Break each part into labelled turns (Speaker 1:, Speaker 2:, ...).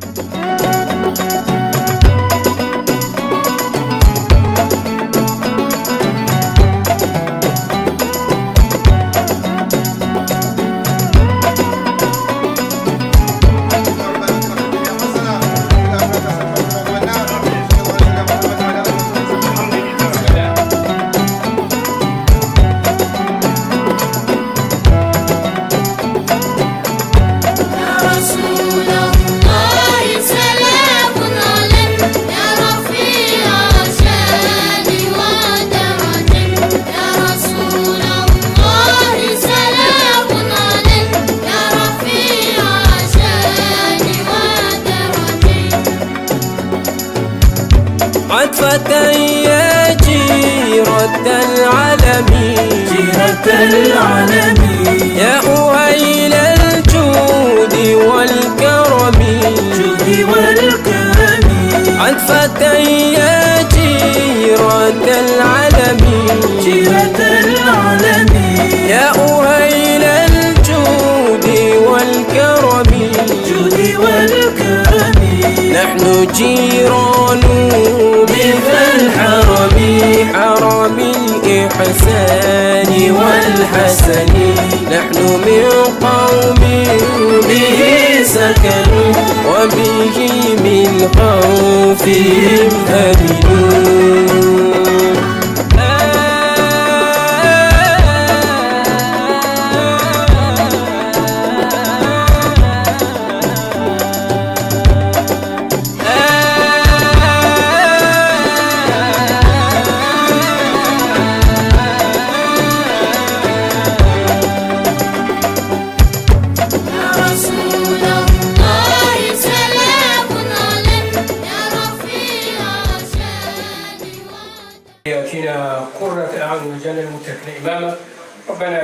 Speaker 1: Thank you.
Speaker 2: العالمين
Speaker 3: جهة العالمين
Speaker 2: يا أهيل الجود والكرم
Speaker 3: جود والكرم
Speaker 2: فتي يا جيرة
Speaker 3: العالمين جهة العالمين
Speaker 2: يا أهيل الجود والكرم
Speaker 3: جود والكرم
Speaker 2: نحن جيرة الحسن والحسن
Speaker 3: نحن من قوم به سكنوا
Speaker 2: وبه من خوفهم أمنوا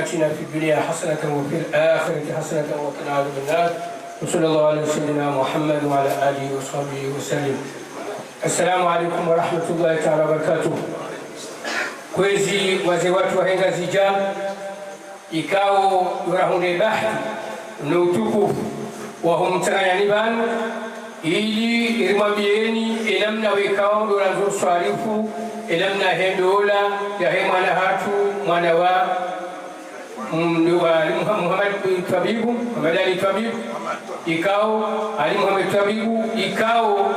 Speaker 2: آتنا في الدنيا حسنة وفي الآخرة حسنة وقنا عذاب النار وصلى الله على سيدنا محمد وعلى آله وصحبه وسلم السلام عليكم ورحمة الله تعالى وبركاته كويزي وزيوات وهنغا زيجان إكاو يرهوني بحث نوتوكو وهم تغيانبان إلي إرما بييني إلمنا ويكاو يرانزو صاريفو إلمنا هندولا يهيمانا هاتو مانوا Muhammad Tabibu, Muhammad Ali Tabibu ikao Ali Muhammad Tabibu ikao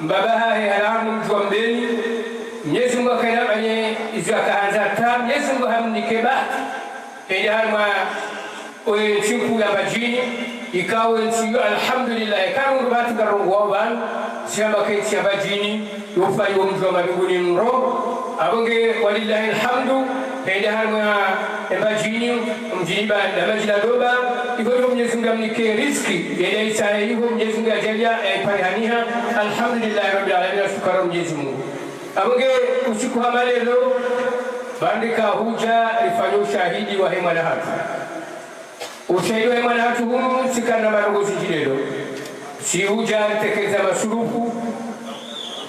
Speaker 2: mbabahahe halamu mtu wa Mbeni. Mwenyezi Mungu akainamanye izi akaanza ta Mwenyezi Mungu hamnike bahati eidahanwa oyenchinku ya majini ikao enchiyo alhamdulillah karundu batu karungu wao banu shamba ya majini yofayo mtu wa mabinguni mro abonge walillahi alhamdu penda hanga ebajinyu mjiniba damaji la doba iko yo Mwenyezi Mungu amnike riziki yeye isaye iko Mwenyezi Mungu ajalia eh, haniha alhamdulillah rabbil alamin shukran Mwenyezi Mungu abonge usiku wa leo bandika huja ifanye ushahidi wa hema na hatu ushahidi wa hema na hatu humu sikana marugo jilelo si huja tekeza masurufu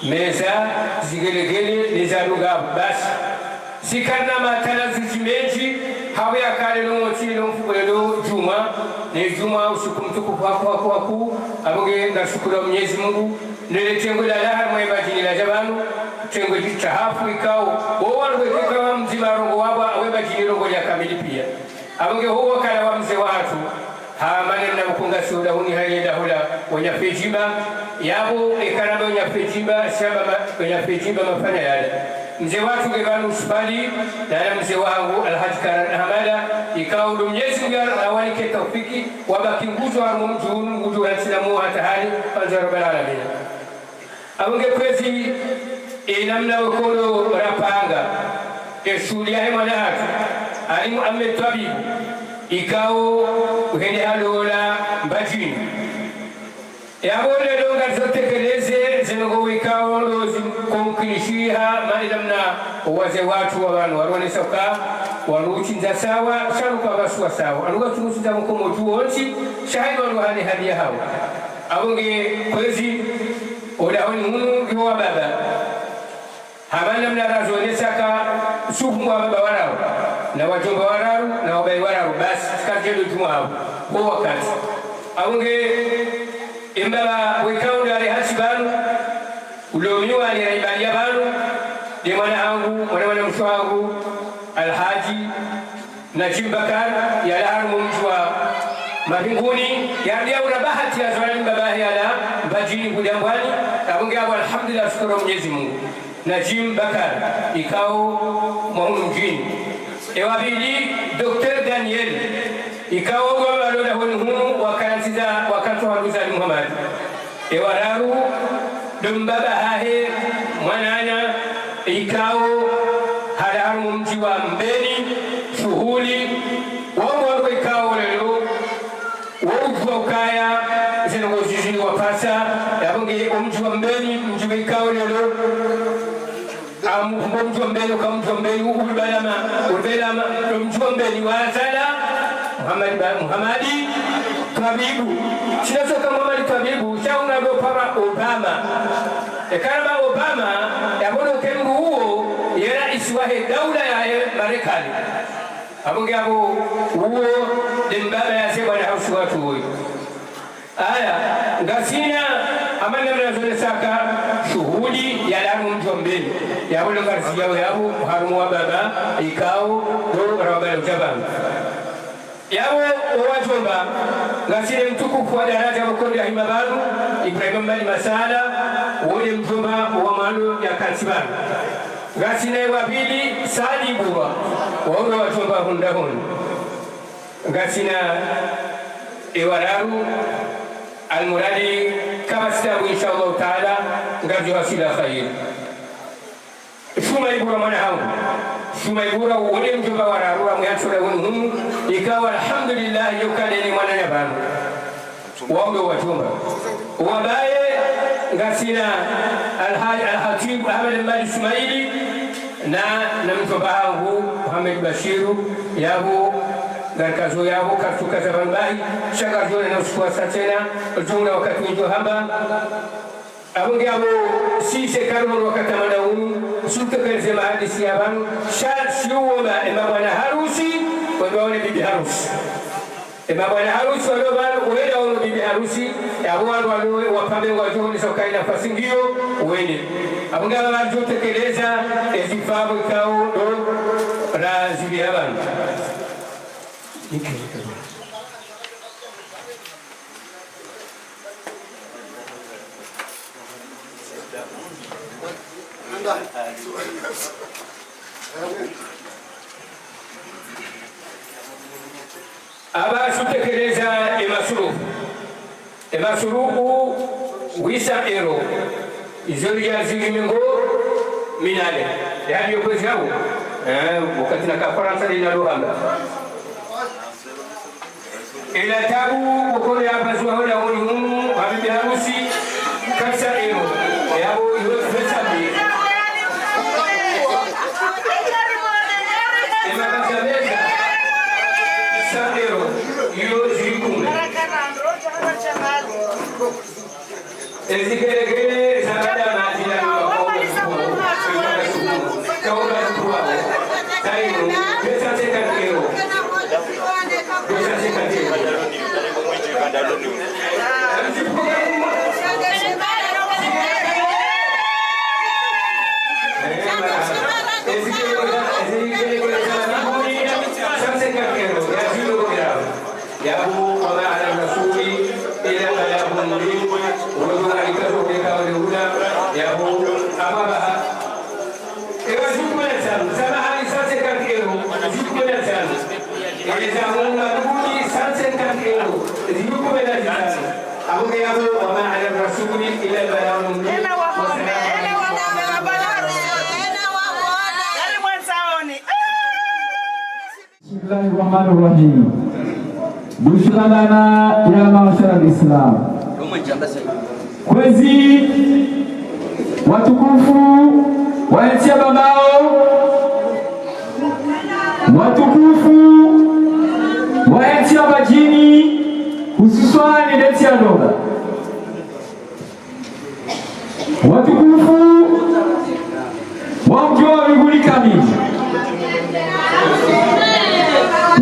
Speaker 2: meza zigelegele neza basi sikana matana zizimeji hawe akale no chini no mfubwelo juma ne juma usiku mtukufu wako wako wako aboge ndashukuru mnyezi Mungu nile tengo la lahar mwe bajini la jabanu jita hafu ikau ikao wowan wekeka wa mzima rongo wabwa awe bajini rongo ya kamili pia aboge huwa kala wa mzee watu hamane na mkunga suda huni haye hula wanya fejiba yabu ekarama nya fejiba shaba nya fejiba mafanya yale mzee watu Gebanu Usmani na mzee wangu Alhaji Karan Ahmada ikawudu Mwenyezi Mungu awalike taufiki wabaki nguzo armu mjuunu nguzo yansilamu hata hali panza rabbil alamin abunge kwezi inamna e, ukolo rapanga esuli yahe mwana hatu alimu amme tabi ikawo uhende alola mbajini yabone e, donga kelezi go wikawolozi konkinishiha mailamna waze watu wavanhu waronesauka wanuchinza sawa shaluka vasuwa sawa anugacunuchinza mukomotu wonsi shahidi wanuhani hadiya hawo avonge kwezi odahoni hunu iwo baba havanamna razonesaka suku baba warawo na wajomba wararu na wabai wararu basi tikajelotumwavo wo wakati avonge imbala wikaundare hasibanu kama ninaibalia bado ni mwana angu mwana mwana mtu wangu Alhaji Najib Bakar yalaharumu mtu wa mabinguni yardia una bahati ya babahi ala mbajini kujambwani abunge hapo alhamdulillah, shukuru Mwenyezi Mungu. najim Bakar ikao mwaunu mjini ewabili Dr. Daniel ikao gwa waloda hunu wakatu za wakati ewararu ɗum mbaɓa mwanana e kawo haɗa har mbeni suhuli wongonko e kawole ɗo wowu juwa kaya sen go wa mbeni ɗum juwa e kawole ɗo ambo mjuwa mbeni ka mjuwa mbeni uɓuɓalama uɓelama ɗo mjuwa mbeni wasala muhamadi muhamadi tabibu sinasoka muhamadi tabibu obama ekalama obama yabona okemuru huo yera isiwahe daula yaye marekani abonge abo wuo dembaba yase bwana hausu watu woyo aya ngasina amanamnazole saka shuhudi yalamu mjombeni yabona ngarisijawo yabo muharumu wa baba ikawo do rawabala utabanga yawe owajumba ngasire mtukufu wa daraja makondo ya hima banu ibrahimu mbali masala wole mjomba wa maalo ya kansibalu banu ngasine wabili sadi buba waura wajumba hunda hunda ngasina ewararu almuradi kama sitabu insha allahu taala ngajuhasila khairi shuma ibura mwana hangu sumaygura wole mjomba wa rarura muyatula wonu ikawa alhamdulillah yokale ni mwana nyabamu waombe watumba wabaye ngasina alhaji alhatibu Ahmed Mali Ismaili na na mjomba wangu Muhammad Bashiru yahu garkazo yahu katuka zabanbai shagarjone na usikuwa satena jumla wakati haba abongabo sise karmon wakati manawunu suka karze mahadisi yabanu e sha siuwoma ema harusi wabaone bibi harusi ema bwana harusi walobanu uenda ono bibi harusi e abowanu walowe wapambe wajohoni sokai nafasi ngiyo uende abongabo bajotekeleza ezifabo ikao do ra zibi yabanu ndani. abashutekereza emasuruku emasuruku wisa ero izyo lya zilingo minane yaliokwezi hao eh, kafaransa linalohamba ila tabu ukoleabazuahonaonihum জিকিরের yako wama ala rasuli ila lbalaghul bismillahi rahmani rahim. Bushra lana ya mashara lislam, kwezi watukufu waensia babao watukufu waensia bajini Usiswali deti ya ndoga. Watukufu wa mji wa mbinguni kamili,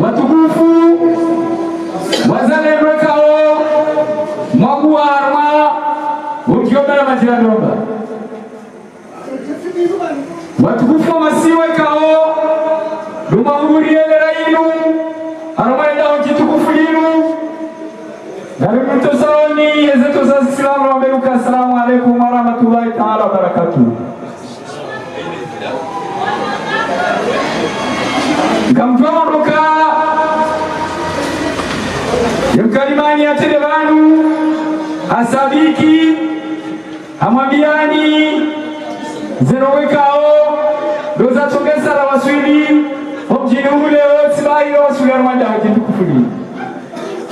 Speaker 2: watukufu wazalendo kao mwakuwarwa ukiomera majira ndoga, watukufu wa masiwe kao alaikum warahmatullahi taala wabarakatuh. nkamvanodoka yemkalimani atende vanu asabiki amwambiani zerowekao ndozatsongesara waswidi omjini ule otsibahilo wasuliano mwandawe tindikufuni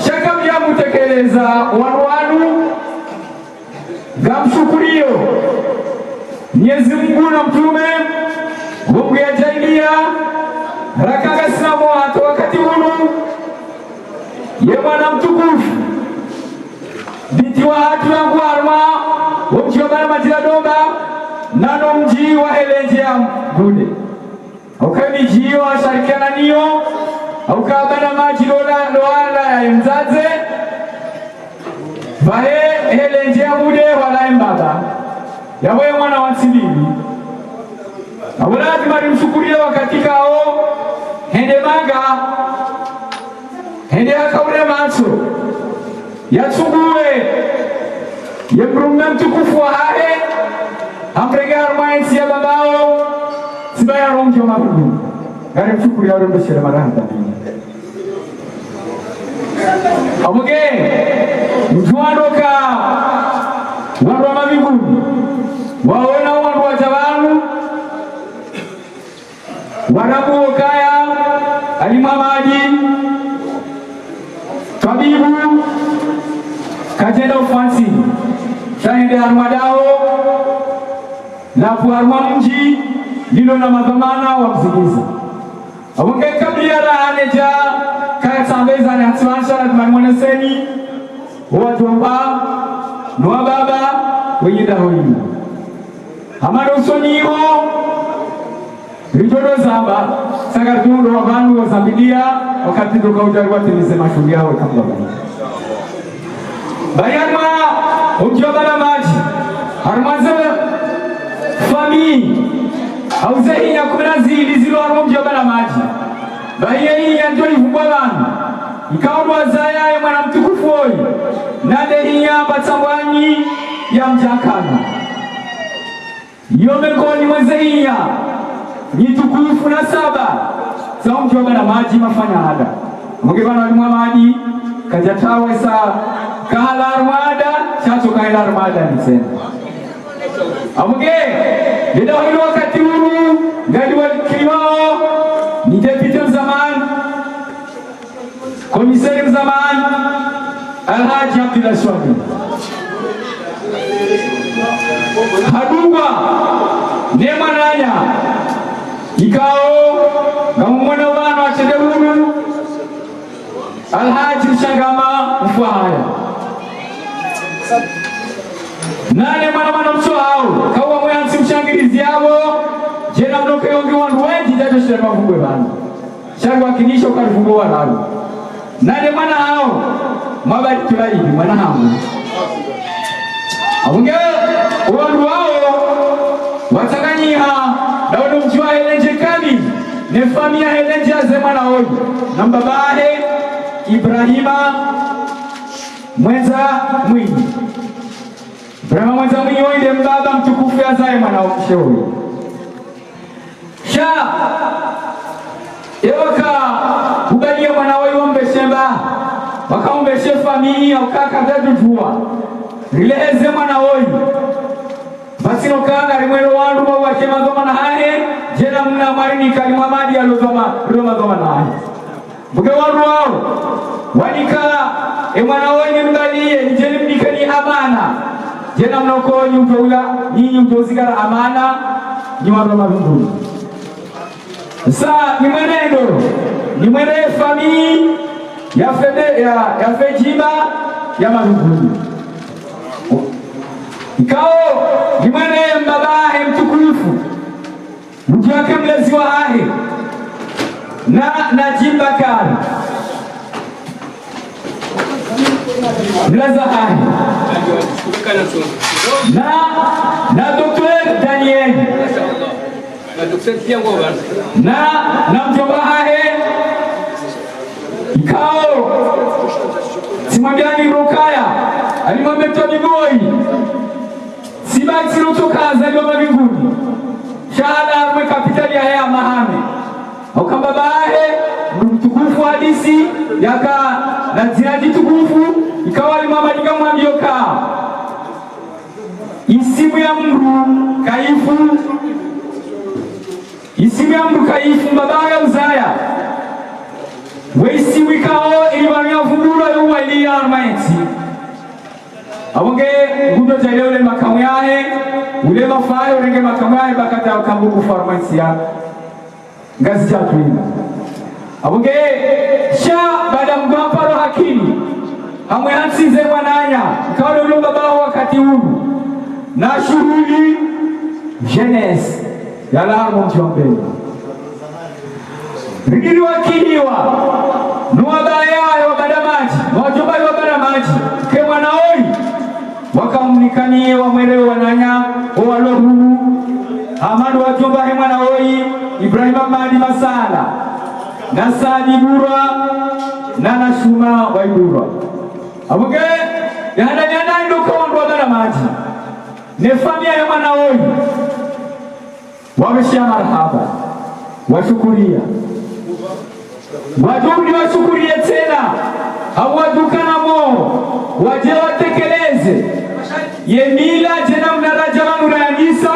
Speaker 2: shaka mjamutekeleza wanwanu za mshukurio Mwenyezi Mungu na mtume Mungu yajailia hata wakati hunu ye mwana mtukufu binti wa hatu ya ngwarwa womji wa majira domba nano mji wa elenje ya gude aukayo mijiyo niyo aukabana maji loala ya mzaze vahe elenjea bude wala embaba mwana wa silili awulatima limsukuria wakatika ao hende maga hende akaule maso yasugue ye mtukufu wa hahe ampregarmaensi ya babao sibayarongio marudu gari msukuria urembeshele magahadabini amuge mtwadoka wandu wa maviguni wawona wandu waja vanu wanabuokaya alimwa maji twabibu kajenda ufansi taende arumwa dao lafu arumwa mji lilo na madhamana wamzigiza awonge kabila rahaneja kayasambezane hatimansha lazima mwaneseni wowathomba niwababa wenye ndaho ino amaroso iwo richodozamba saka tundo wa vanhu wozambidia wakati ndokautariwatimize mashughuli yao kabla bayama ukiwabala maji harimwaze famii hauzehinya kumira zili zilo harimo ukiwabala maji baiyeinya ndio livugwa mkaomboza mwana mtukufu oyi nadehiya batsambwanyi ya mjakana yomekoni mwezehiya nitukufu na saba saumjwabana maji mafanya hada mungevana walimwa maji kajatawesa kahala armada chacho kaenda armada nisena amuge lidahilwa komiseri Zaman Alhaji Abdullah Swami haduba Nema Nanya Ikao kawo Wano mummunan alhaji mshangama ufuwa haya na neman mana mtu hao kawo mwansi mshangirizi yao jena mdoke yongi wandu wengi jato shirema mkubwe bani shangwa kinisho karifungo wanalo nali mwanao mwabati mwana mwanahamu aunge wandu wao watakanyiha daudi mjua helenje kami nefamia helenje aze mwana oyu na mbabahe Ibrahima mwenza mwinyi Ibrahima mwenza mwinyi waile mbaba mtukufu azaye mwana msheoyu sha ewaka vakaombeshe famiya ukaka vyadutuwa rileze mwana oyu vasinokanga rimwero wandu na haye jena mna mwarinika limwamadi alozomazoma naye mbuge wandu wao wanikala emwana oyu nimdaliye nijeni mdikani amana jena mnokonyi utoula nyinyi utozigala amana nyiwandomavindulu sa ni mwenendo ni famii yafejiba ya maruguru ikao ni mwene mbabahe mtukufu mji wake mlezi wa ahe na najibakari mleza ahe na na Dr. Daniel na na mjomba ahe Kao simwambiani Rukaya alimwambia Tonigoi sibaisirutukazaliwa mavinguni shahada mwe kapitali ya haya mahame aukamba baahe mtukufu hadisi yaka na ziraji tukufu ikawa alimwamaliga mwambioka isimu ya mru kaifu isimu ya mru kaifu mbabaga uzaya weisiwikawo ilivamyavudulo yuwaliya armaensi awonge gudo jaile ule makamu yae ule mafayo renge makamu yae bakata kambuku farmasi ya ngazi jatu ina sha baada mgwamparo hakini hamwe hansize mwananya kaole ule babaho wakati ulu na shughuli jeunesse ya larmo mbele zigiliwakiliwa nuwabalayayo wabadamaji nuwajobali maji ke mwanaoyi wakamnikanie wamwelewe wananya owalohu amadu wajombahe mwanaoyi ibrahima madi masala na sadi burwa na nasuma waiburwa abuge yahandanyandani lukondo wabadamaji maji famia ya mwanaoyi wameshia marhaba washukuria wadundi wasukurie tena awadukanamo waje watekeleze yemila jena mnarajavanurayagisa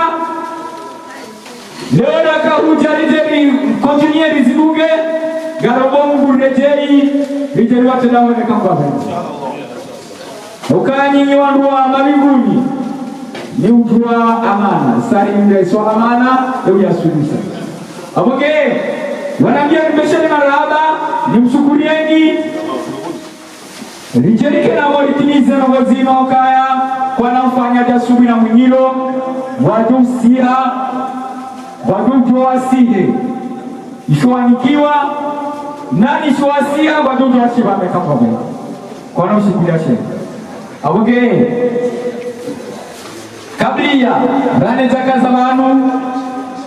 Speaker 2: leo nakahujarijeri kontinie rizibuge garobomgurrejei rijeri watedawonekambave ukanyi wandu wa mabinguni ni ujua amana sari mdaiswa amana euyasulusa aboge wanaambia nimshukurieni, lijirike na walitimize roho kwa na mfanya jasubi na mwinyilo wadumsiha wadutowasihe ishwanikiwa nani shwasiha wadutowashivamekapove kwanomshikuliashe abuge kabliya rane zamanu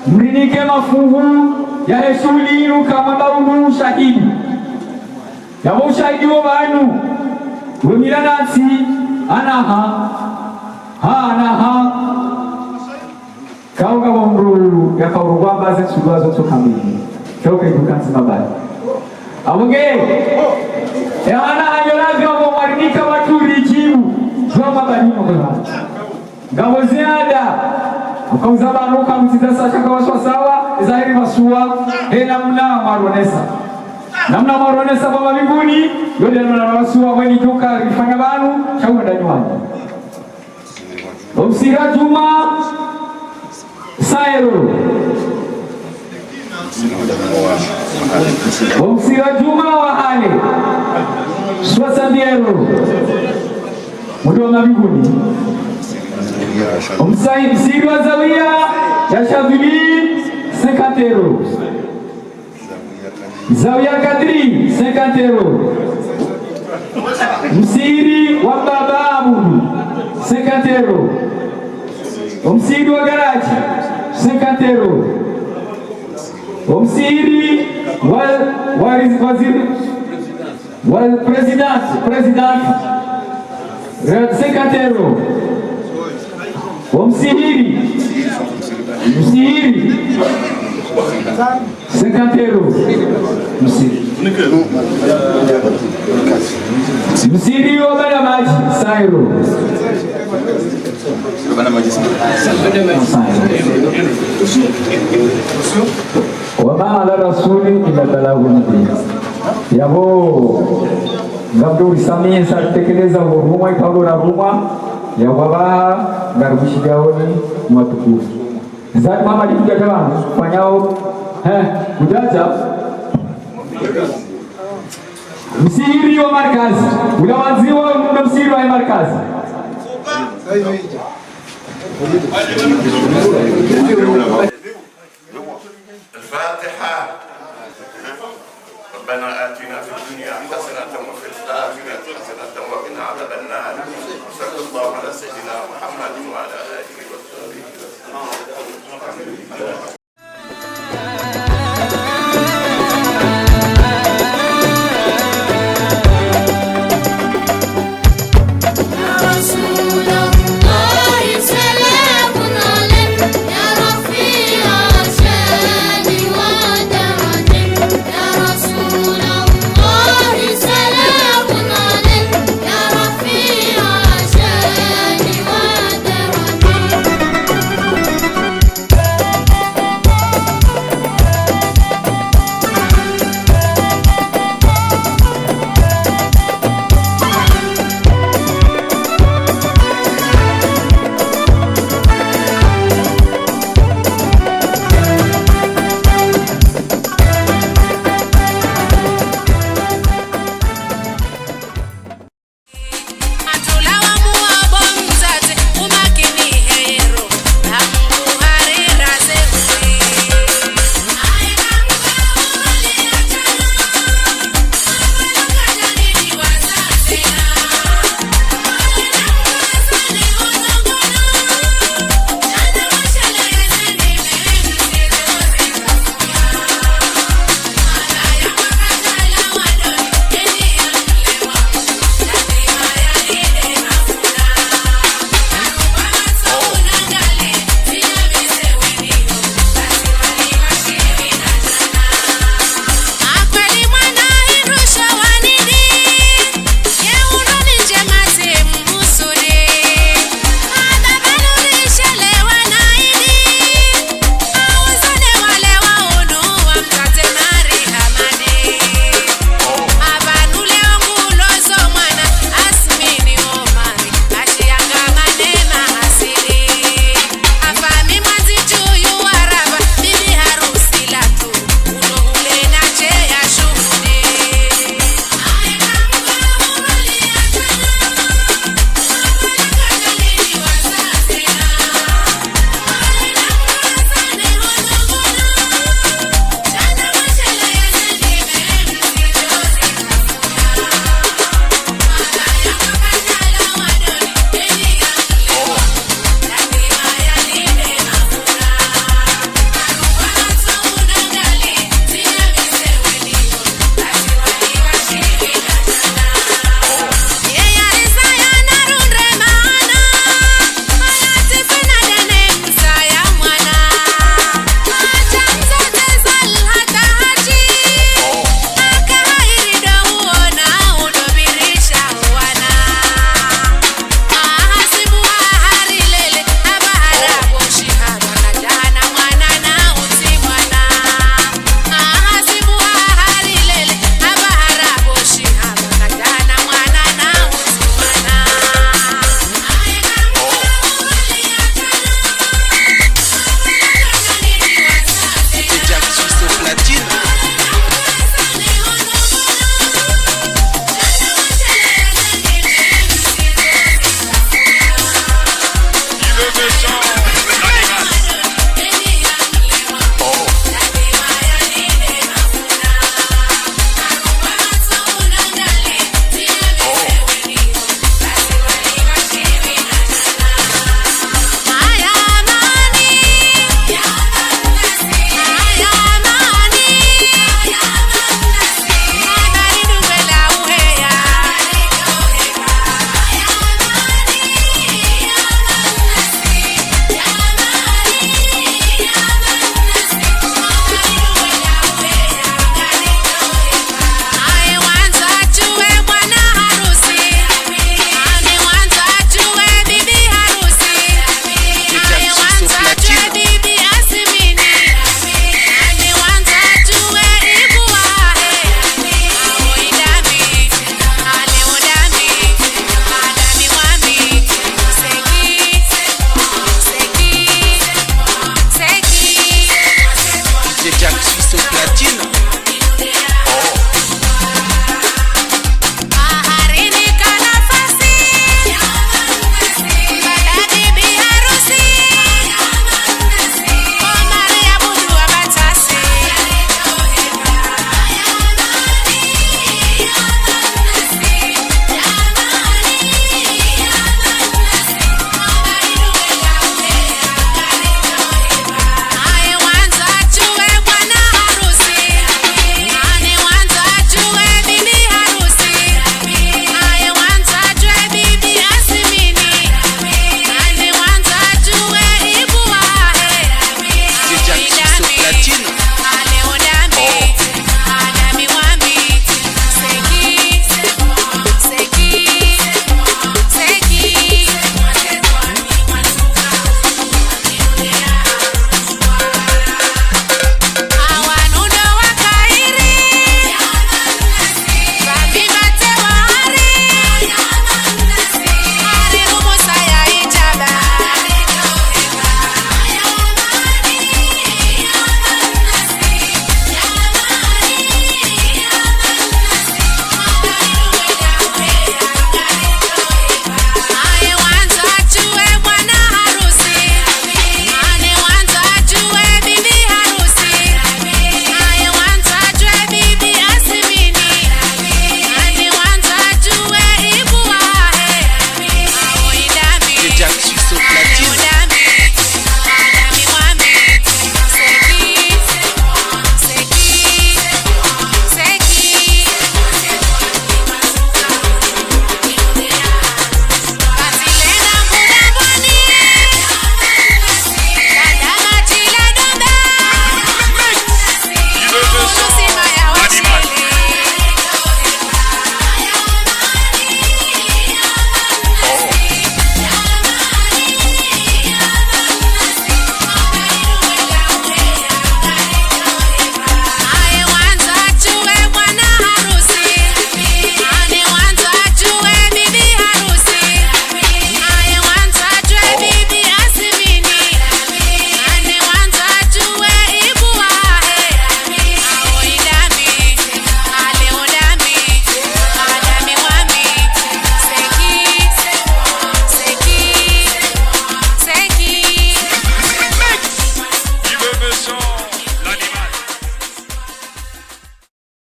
Speaker 2: mrinike mafungu inu kama baunu shahidi nabo ushahidi wo banyu wemira nansi anaha hanaha kaunga wongulu yakaurugwambaze tsulwazo tsokamini kyokaitukanzimabali amunge ehana anyolavya wamwarimika waturi ijimu zomwabanimokola ngabo ziada ukauza banu ukamtiza sashakawaswa sawa zahiri masuwa hena mna marunesa namna mwaronesa kwa mabinguni yule mwanawasua kwenye duka kifanya banu shauri ndani waje Omsira Juma Sairo Omsira Juma wa Ale Swasandiero mtu wa mbinguni Omsira Msiri wa Zawia Yashavili Sekatero Zawiya Kadri 50 euros. Msiri wa baba Abudu 50 euros. Msiri wa garage 50 euros. Msiri wa presidente presidente 50 euros. Msiri Msiri sem canteiro. No Sírio. No Sírio. No Sairo. O Obama da Rasuli e da Bela Unidade. E a boa. Gabriel Sami, essa tecnologia, o rumo e o favor da rumo. E a boa. Garbuchi Gaoni, uma tucuça. Zaki mama alikuja kama fanyao eh, Mjanja msiri wa markazi unawanziwa na msiri wa markazi الفاتحة ربنا آتنا في الدنيا حسنة وفي الآخرة حسنة وقنا عذاب النار صلى الله على سيدنا محمد وعلى آله وصحبه وسلم Obrigado.